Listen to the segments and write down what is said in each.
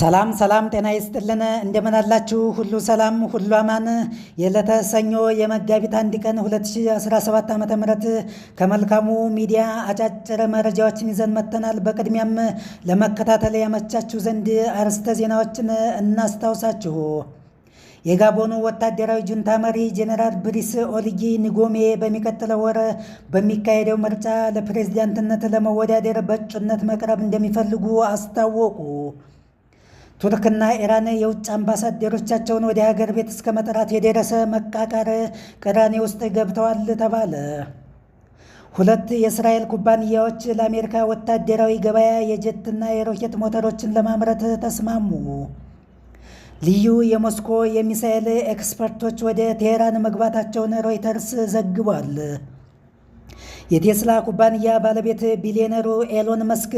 ሰላም ሰላም፣ ጤና ይስጥልን። እንደምን አላችሁ? ሁሉ ሰላም፣ ሁሉ አማን። የዕለተ ሰኞ የመጋቢት አንድ ቀን 2017 ዓ ም ከመልካሙ ሚዲያ አጫጭር መረጃዎችን ይዘን መጥተናል። በቅድሚያም ለመከታተል ያመቻችሁ ዘንድ አርዕስተ ዜናዎችን እናስታውሳችሁ። የጋቦኑ ወታደራዊ ጁንታ መሪ ጄኔራል ብሪስ ኦሊጊ ንጎሜ በሚቀጥለው ወር በሚካሄደው ምርጫ ለፕሬዝዳንትነት ለመወዳደር በእጩነት መቅረብ እንደሚፈልጉ አስታወቁ። ቱርክና ኢራን የውጭ አምባሳደሮቻቸውን ወደ ሀገር ቤት እስከ መጥራት የደረሰ መቃቃር ቅራኔ ውስጥ ገብተዋል ተባለ። ሁለት የእስራኤል ኩባንያዎች ለአሜሪካ ወታደራዊ ገበያ የጀትና የሮኬት ሞተሮችን ለማምረት ተስማሙ። ልዩ የሞስኮ የሚሳኤል ኤክስፐርቶች ወደ ቴሄራን መግባታቸውን ሮይተርስ ዘግቧል። የቴስላ ኩባንያ ባለቤት ቢሊዮነሩ ኤሎን መስክ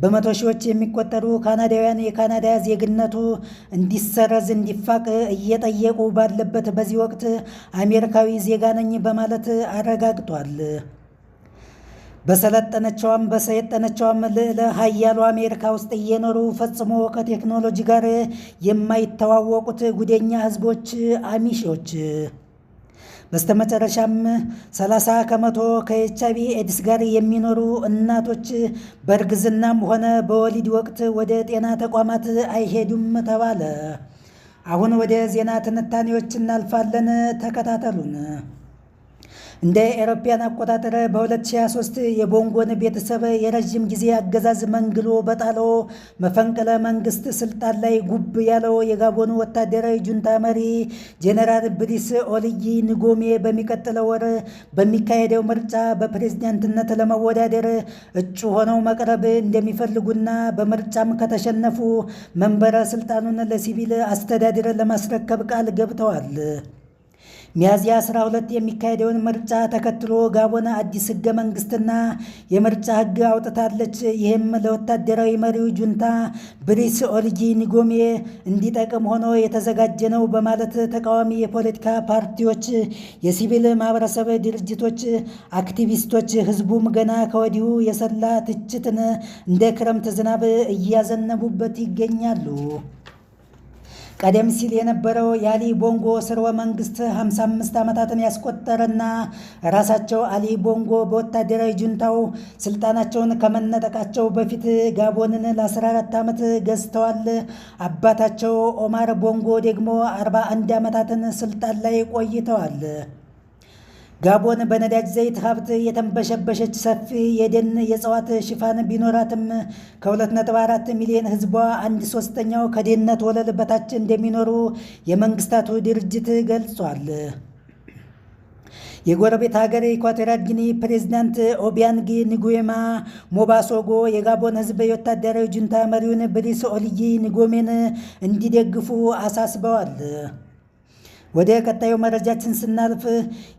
በመቶ ሺዎች የሚቆጠሩ ካናዳውያን የካናዳ ዜግነቱ እንዲሰረዝ እንዲፋቅ እየጠየቁ ባለበት በዚህ ወቅት አሜሪካዊ ዜጋ ነኝ በማለት አረጋግጧል። በሰለጠነቸውም በሰየጠነቸውም ልዕለ ሀያሉ አሜሪካ ውስጥ እየኖሩ ፈጽሞ ከቴክኖሎጂ ጋር የማይተዋወቁት ጉደኛ ህዝቦች አሚሾች በስተመጨረሻም 30 ከመቶ ከኤች አይቪ ኤድስ ጋር የሚኖሩ እናቶች በእርግዝናም ሆነ በወሊድ ወቅት ወደ ጤና ተቋማት አይሄዱም ተባለ። አሁን ወደ ዜና ትንታኔዎች እናልፋለን። ተከታተሉን። እንደ ኤሮፓያን አቆጣጠር በ2023 የቦንጎን ቤተሰብ የረዥም ጊዜ አገዛዝ መንግሎ በጣለው መፈንቅለ መንግስት ስልጣን ላይ ጉብ ያለው የጋቦኑ ወታደራዊ ጁንታ መሪ ጄኔራል ብሪስ ኦልይ ንጎሜ በሚቀጥለው ወር በሚካሄደው ምርጫ በፕሬዝዳንትነት ለመወዳደር እጩ ሆነው መቅረብ እንደሚፈልጉና በምርጫም ከተሸነፉ መንበረ ስልጣኑን ለሲቪል አስተዳደር ለማስረከብ ቃል ገብተዋል። ሚያዝያ 12 የሚካሄደውን ምርጫ ተከትሎ ጋቦን አዲስ ህገ መንግስትና የምርጫ ህግ አውጥታለች። ይህም ለወታደራዊ መሪው ጁንታ ብሪስ ኦልጊ ኒጎሜ እንዲጠቅም ሆኖ የተዘጋጀ ነው በማለት ተቃዋሚ የፖለቲካ ፓርቲዎች፣ የሲቪል ማህበረሰብ ድርጅቶች፣ አክቲቪስቶች ህዝቡም ገና ከወዲሁ የሰላ ትችትን እንደ ክረምት ዝናብ እያዘነቡበት ይገኛሉ። ቀደም ሲል የነበረው የአሊ ቦንጎ ስርወ መንግስት 55 ዓመታትን ያስቆጠረና ራሳቸው አሊ ቦንጎ በወታደራዊ ጁንታው ስልጣናቸውን ከመነጠቃቸው በፊት ጋቦንን ለ14 ዓመት ገዝተዋል። አባታቸው ኦማር ቦንጎ ደግሞ 41 ዓመታትን ስልጣን ላይ ቆይተዋል። ጋቦን በነዳጅ ዘይት ሀብት የተንበሸበሸች ሰፊ የደን የእጽዋት ሽፋን ቢኖራትም ከ2.4 ሚሊዮን ሕዝቧ አንድ ሶስተኛው ከድህነት ወለል በታች እንደሚኖሩ የመንግስታቱ ድርጅት ገልጿል። የጎረቤት ሀገር ኢኳቶሪያል ጊኒ ፕሬዚዳንት ኦቢያንግ ንጉማ ሞባሶጎ የጋቦን ሕዝብ የወታደራዊ ጁንታ መሪውን ብሪስ ኦልጊ ንጎሜን እንዲደግፉ አሳስበዋል። ወደ ቀጣዩ መረጃችን ስናልፍ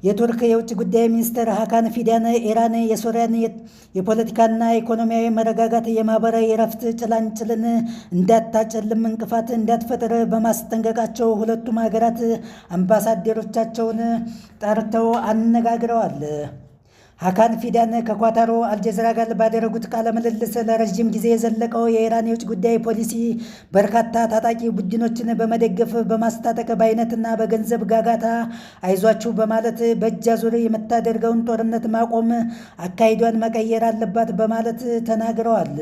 የቱርክ የውጭ ጉዳይ ሚኒስትር ሀካን ፊዳን ኢራን የሶሪያን የፖለቲካና ኢኮኖሚያዊ መረጋጋት የማህበራዊ እረፍት ጭላንጭልን እንዳታጨልም እንቅፋት እንዳትፈጥር በማስጠንቀቃቸው ሁለቱም ሀገራት አምባሳደሮቻቸውን ጠርተው አነጋግረዋል። ሀካን ፊዳን ከኳታሮ አልጀዚራ ጋር ባደረጉት ቃለ ምልልስ ለረዥም ጊዜ የዘለቀው የኢራን የውጭ ጉዳይ ፖሊሲ በርካታ ታጣቂ ቡድኖችን በመደገፍ በማስታጠቅ በአይነትና በገንዘብ ጋጋታ አይዟችሁ በማለት በእጅ አዙር የምታደርገውን ጦርነት ማቆም አካሂዷን መቀየር አለባት በማለት ተናግረዋል።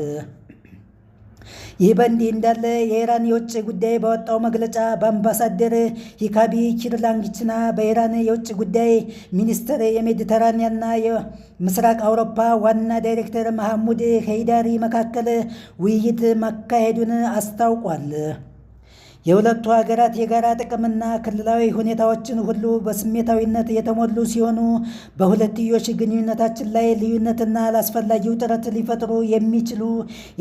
ይህ በእንዲህ እንዳለ የኢራን የውጭ ጉዳይ በወጣው መግለጫ በአምባሳደር ሂካቢ ኪርላንግችና በኢራን የውጭ ጉዳይ ሚኒስትር የሜዲተራኒያና የምስራቅ አውሮፓ ዋና ዳይሬክተር መሐሙድ ሄይዳሪ መካከል ውይይት መካሄዱን አስታውቋል። የሁለቱ ሀገራት የጋራ ጥቅምና ክልላዊ ሁኔታዎችን ሁሉ በስሜታዊነት የተሞሉ ሲሆኑ በሁለትዮሽ ግንኙነታችን ላይ ልዩነትና አላስፈላጊ ውጥረት ሊፈጥሩ የሚችሉ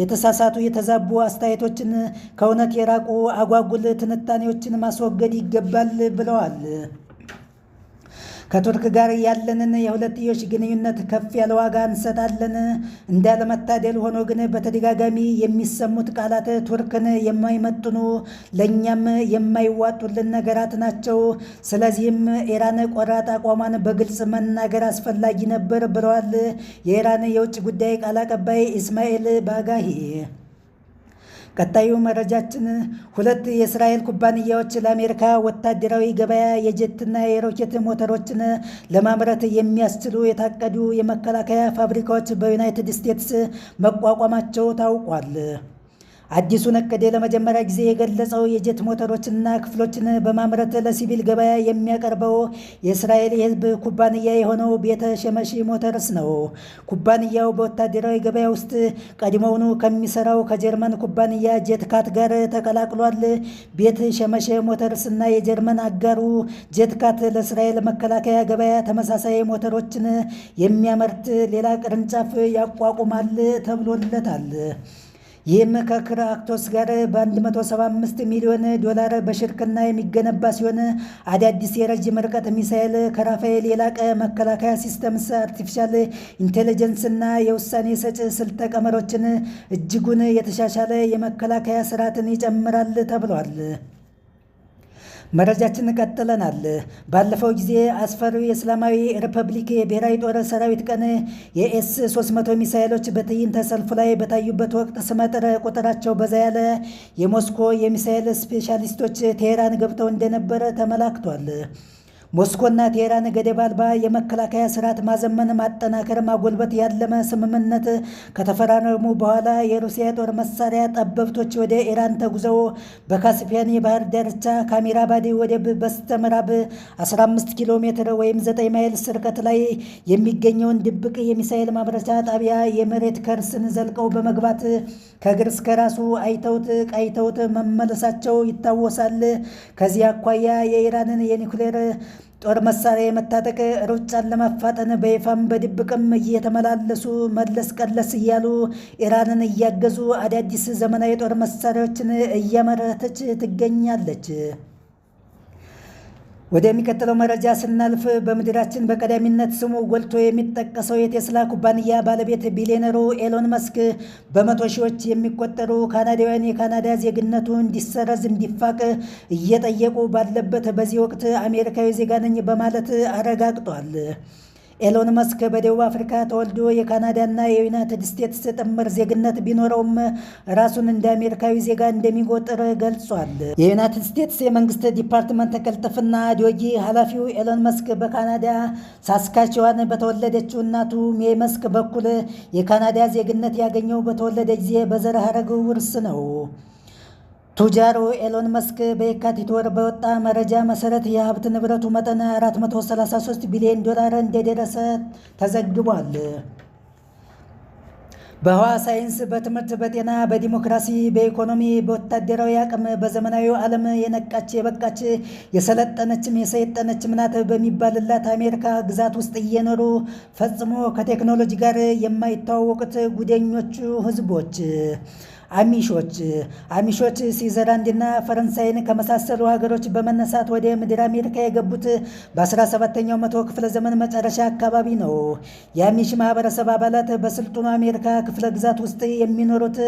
የተሳሳቱ፣ የተዛቡ አስተያየቶችን ከእውነት የራቁ አጓጉል ትንታኔዎችን ማስወገድ ይገባል ብለዋል። ከቱርክ ጋር ያለንን የሁለትዮሽ ግንኙነት ከፍ ያለ ዋጋ እንሰጣለን። እንዳለመታደል ሆኖ ግን በተደጋጋሚ የሚሰሙት ቃላት ቱርክን የማይመጥኑ ለእኛም የማይዋጡልን ነገራት ናቸው። ስለዚህም ኢራን ቆራጥ አቋሟን በግልጽ መናገር አስፈላጊ ነበር ብለዋል የኢራን የውጭ ጉዳይ ቃል አቀባይ ኢስማኤል ባጋሂ። ቀጣዩ መረጃችን ሁለት የእስራኤል ኩባንያዎች ለአሜሪካ ወታደራዊ ገበያ የጀትና የሮኬት ሞተሮችን ለማምረት የሚያስችሉ የታቀዱ የመከላከያ ፋብሪካዎች በዩናይትድ ስቴትስ መቋቋማቸው ታውቋል። አዲሱን እቅድ ለመጀመሪያ ጊዜ የገለጸው የጀት ሞተሮችና ክፍሎችን በማምረት ለሲቪል ገበያ የሚያቀርበው የእስራኤል የህዝብ ኩባንያ የሆነው ቤተ ሸመሺ ሞተርስ ነው። ኩባንያው በወታደራዊ ገበያ ውስጥ ቀድሞውኑ ከሚሰራው ከጀርመን ኩባንያ ጀትካት ጋር ተቀላቅሏል። ቤተ ሸመሸ ሞተርስ እና የጀርመን አጋሩ ጀትካት ለእስራኤል መከላከያ ገበያ ተመሳሳይ ሞተሮችን የሚያመርት ሌላ ቅርንጫፍ ያቋቁማል ተብሎለታል። የመካከለ አክቶስ ጋር በ175 ሚሊዮን ዶላር በሽርክና የሚገነባ ሲሆን አዳዲስ የረጅም ርቀት ሚሳይል ከራፋኤል የላቀ መከላከያ ሲስተምስ፣ አርቲፊሻል ኢንቴሊጀንስና የውሳኔ ሰጭ ስልተ ቀመሮችን እጅጉን የተሻሻለ የመከላከያ ስርዓትን ይጨምራል ተብሏል። መረጃችን ቀጥለናል። ባለፈው ጊዜ አስፈሪው የእስላማዊ ሪፐብሊክ የብሔራዊ ጦር ሰራዊት ቀን የኤስ 300 ሚሳይሎች በትዕይንተ ሰልፉ ላይ በታዩበት ወቅት ስመጥር ቁጥራቸው በዛ ያለ የሞስኮ የሚሳይል ስፔሻሊስቶች ቴሄራን ገብተው እንደነበረ ተመላክቷል። ሞስኮና ቴሄራን ገደብ አልባ የመከላከያ ስርዓት ማዘመን፣ ማጠናከር፣ ማጎልበት ያለመ ስምምነት ከተፈራረሙ በኋላ የሩሲያ የጦር መሳሪያ ጠበብቶች ወደ ኢራን ተጉዘው በካስፒያን የባህር ዳርቻ ከአሚራባድ ወደብ በስተምዕራብ 15 ኪሎ ሜትር ወይም 9 ማይል ስርቀት ላይ የሚገኘውን ድብቅ የሚሳኤል ማምረቻ ጣቢያ የመሬት ከርስን ዘልቀው በመግባት ከእግር እስከ ራሱ አይተውት ቀይተውት መመለሳቸው ይታወሳል። ከዚህ አኳያ የኢራንን የኒውክሌር ጦር መሳሪያ የመታጠቅ ሩጫን ለማፋጠን በይፋም በድብቅም እየተመላለሱ መለስ ቀለስ እያሉ ኢራንን እያገዙ አዳዲስ ዘመናዊ ጦር መሳሪያዎችን እያመረተች ትገኛለች። ወደሚቀጥለው መረጃ ስናልፍ በምድራችን በቀዳሚነት ስሙ ጎልቶ የሚጠቀሰው የቴስላ ኩባንያ ባለቤት ቢሊዮነሩ ኤሎን መስክ በመቶ ሺዎች የሚቆጠሩ ካናዳውያን የካናዳ ዜግነቱ እንዲሰረዝ እንዲፋቅ እየጠየቁ ባለበት በዚህ ወቅት አሜሪካዊ ዜጋ ነኝ በማለት አረጋግጧል። ኤሎን መስክ በደቡብ አፍሪካ ተወልዶ የካናዳና የዩናይትድ ስቴትስ ጥምር ዜግነት ቢኖረውም ራሱን እንደ አሜሪካዊ ዜጋ እንደሚቆጥር ገልጿል። የዩናይትድ ስቴትስ የመንግስት ዲፓርትመንት ቅልጥፍና ዶጊ ኃላፊው ኤሎን መስክ በካናዳ ሳስካችዋን በተወለደችው እናቱ ሜይ መስክ በኩል የካናዳ ዜግነት ያገኘው በተወለደ ጊዜ በዘር ሐረግ ውርስ ነው። ቱጃሩ ኤሎን መስክ በየካቲት ወር በወጣ መረጃ መሰረት የሀብት ንብረቱ መጠን 433 ቢሊዮን ዶላር እንደደረሰ ተዘግቧል። በህዋ ሳይንስ፣ በትምህርት፣ በጤና፣ በዲሞክራሲ፣ በኢኮኖሚ፣ በወታደራዊ አቅም በዘመናዊ ዓለም የነቃች የበቃች የሰለጠነችም የሰየጠነችም ናት በሚባልላት አሜሪካ ግዛት ውስጥ እየኖሩ ፈጽሞ ከቴክኖሎጂ ጋር የማይተዋወቁት ጉደኞቹ ህዝቦች አሚሾች አሚሾች ስዊዘርላንድና ፈረንሳይን ከመሳሰሉ ሀገሮች በመነሳት ወደ ምድር አሜሪካ የገቡት በ17ኛው መቶ ክፍለ ዘመን መጨረሻ አካባቢ ነው። የአሚሽ ማህበረሰብ አባላት በስልጡኑ አሜሪካ ክፍለ ግዛት ውስጥ የሚኖሩት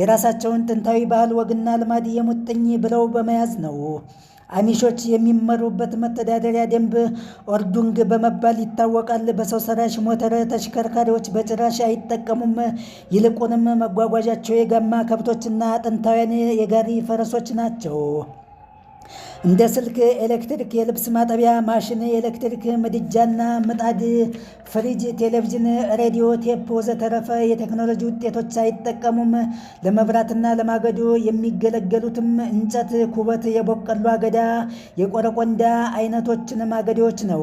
የራሳቸውን ጥንታዊ ባህል፣ ወግና ልማድ የሙጥኝ ብለው በመያዝ ነው። አሚሾች የሚመሩበት መተዳደሪያ ደንብ ኦርዱንግ በመባል ይታወቃል። በሰው ሰራሽ ሞተር ተሽከርካሪዎች በጭራሽ አይጠቀሙም። ይልቁንም መጓጓዣቸው የጋማ ከብቶችና ጥንታውያን የጋሪ ፈረሶች ናቸው። እንደ ስልክ፣ ኤሌክትሪክ፣ የልብስ ማጠቢያ ማሽን፣ ኤሌክትሪክ ምድጃና ምጣድ፣ ፍሪጅ፣ ቴሌቪዥን፣ ሬዲዮ፣ ቴፕ ወዘተረፈ የቴክኖሎጂ ውጤቶች አይጠቀሙም። ለመብራትና ለማገዶ የሚገለገሉትም እንጨት፣ ኩበት፣ የቦቀሉ አገዳ፣ የቆረቆንዳ አይነቶችን ማገዶዎች ነው።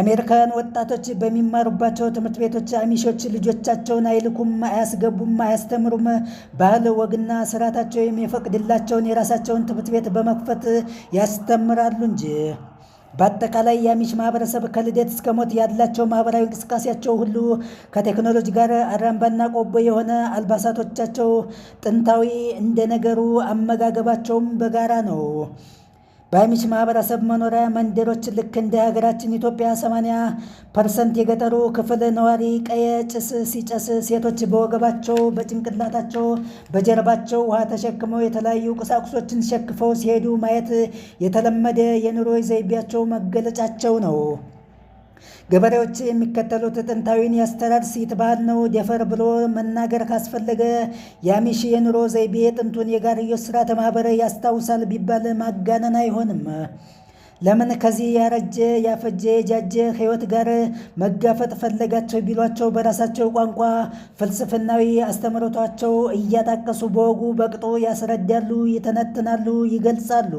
አሜሪካውያን ወጣቶች በሚማሩባቸው ትምህርት ቤቶች አሚሾች ልጆቻቸውን አይልኩም፣ አያስገቡም፣ አያስተምሩም። ባህል ወግና ስርዓታቸው የሚፈቅድላቸውን የራሳቸውን ትምህርት ቤት በመክፈት ያስተምራሉ እንጂ። በአጠቃላይ የአሚሽ ማህበረሰብ ከልደት እስከ ሞት ያላቸው ማህበራዊ እንቅስቃሴያቸው ሁሉ ከቴክኖሎጂ ጋር አራምባና ቆቦ የሆነ፣ አልባሳቶቻቸው ጥንታዊ እንደነገሩ፣ አመጋገባቸውም በጋራ ነው። በአሚች ማህበረሰብ መኖሪያ መንደሮች ልክ እንደ ሀገራችን ኢትዮጵያ 80 ፐርሰንት የገጠሩ ክፍል ነዋሪ ቀየ ጭስ ሲጨስ ሴቶች በወገባቸው፣ በጭንቅላታቸው፣ በጀርባቸው ውሃ ተሸክመው የተለያዩ ቁሳቁሶችን ሸክፈው ሲሄዱ ማየት የተለመደ የኑሮ ዘይቤያቸው መገለጫቸው ነው። ገበሬዎች የሚከተሉት ጥንታዊን የአስተራር ሴት ባህል ነው። ደፈር ብሎ መናገር ካስፈለገ የአሚሽ የኑሮ ዘይቤ ጥንቱን የጋርዮሽ ስርዓተ ማህበር ያስታውሳል ቢባል ማጋነን አይሆንም። ለምን ከዚህ ያረጀ ያፈጀ የጃጀ ህይወት ጋር መጋፈጥ ፈለጋቸው ቢሏቸው በራሳቸው ቋንቋ ፍልስፍናዊ አስተምህሮታቸው እያጣቀሱ በወጉ በቅጦ ያስረዳሉ፣ ይተነትናሉ፣ ይገልጻሉ።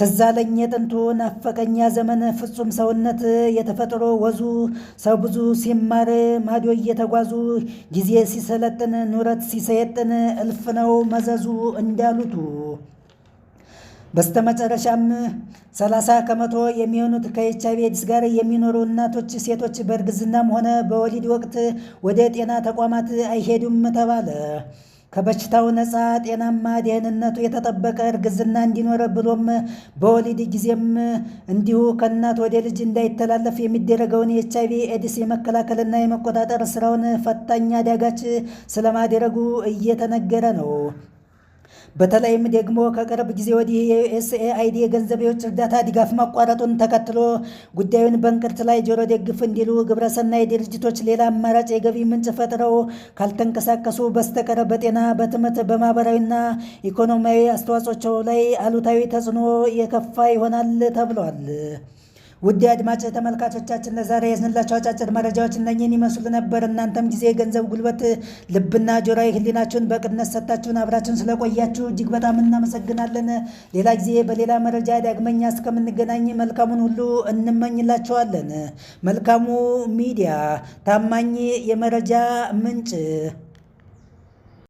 ትዛለኝ የጥንቱ ናፈቀኛ ዘመን ፍጹም ሰውነት የተፈጥሮ ወዙ ሰው ብዙ ሲማር ማዶ እየተጓዙ ጊዜ ሲሰለጥን ኑረት ሲሰየጥን እልፍ ነው መዘዙ እንዳሉቱ በስተመጨረሻም 30 ከመቶ የሚሆኑት ከኤች አይቪ ኤድስ ጋር የሚኖሩ እናቶች፣ ሴቶች በእርግዝናም ሆነ በወሊድ ወቅት ወደ ጤና ተቋማት አይሄዱም ተባለ። ከበሽታው ነፃ ጤናማ ደህንነቱ የተጠበቀ እርግዝና እንዲኖረ ብሎም በወሊድ ጊዜም እንዲሁ ከእናት ወደ ልጅ እንዳይተላለፍ የሚደረገውን የኤች አይቪ ኤድስ የመከላከልና የመቆጣጠር ስራውን ፈታኝ አዳጋች ስለማድረጉ እየተነገረ ነው። በተለይም ደግሞ ከቅርብ ጊዜ ወዲህ የዩኤስኤአይዲ የገንዘቤዎች እርዳታ ድጋፍ መቋረጡን ተከትሎ ጉዳዩን በእንቅርት ላይ ጆሮ ደግፍ እንዲሉ ግብረሰናይ ድርጅቶች ሌላ አማራጭ የገቢ ምንጭ ፈጥረው ካልተንቀሳቀሱ በስተቀር በጤና፣ በትምህርት፣ በማህበራዊና ኢኮኖሚያዊ አስተዋጽኦቸው ላይ አሉታዊ ተጽዕኖ የከፋ ይሆናል ተብሏል። ውድ አድማጭ ተመልካቾቻችን ለዛሬ ያዝንላቸው አጫጭር መረጃዎች እነኝህን ይመስሉ ነበር። እናንተም ጊዜ፣ ገንዘብ፣ ጉልበት፣ ልብና ጆሮዊ ህሊናችሁን በቅድነት ሰጥታችሁን አብራችሁን ስለቆያችሁ እጅግ በጣም እናመሰግናለን። ሌላ ጊዜ በሌላ መረጃ ዳግመኛ እስከምንገናኝ መልካሙን ሁሉ እንመኝላቸዋለን። መልካሙ ሚዲያ ታማኝ የመረጃ ምንጭ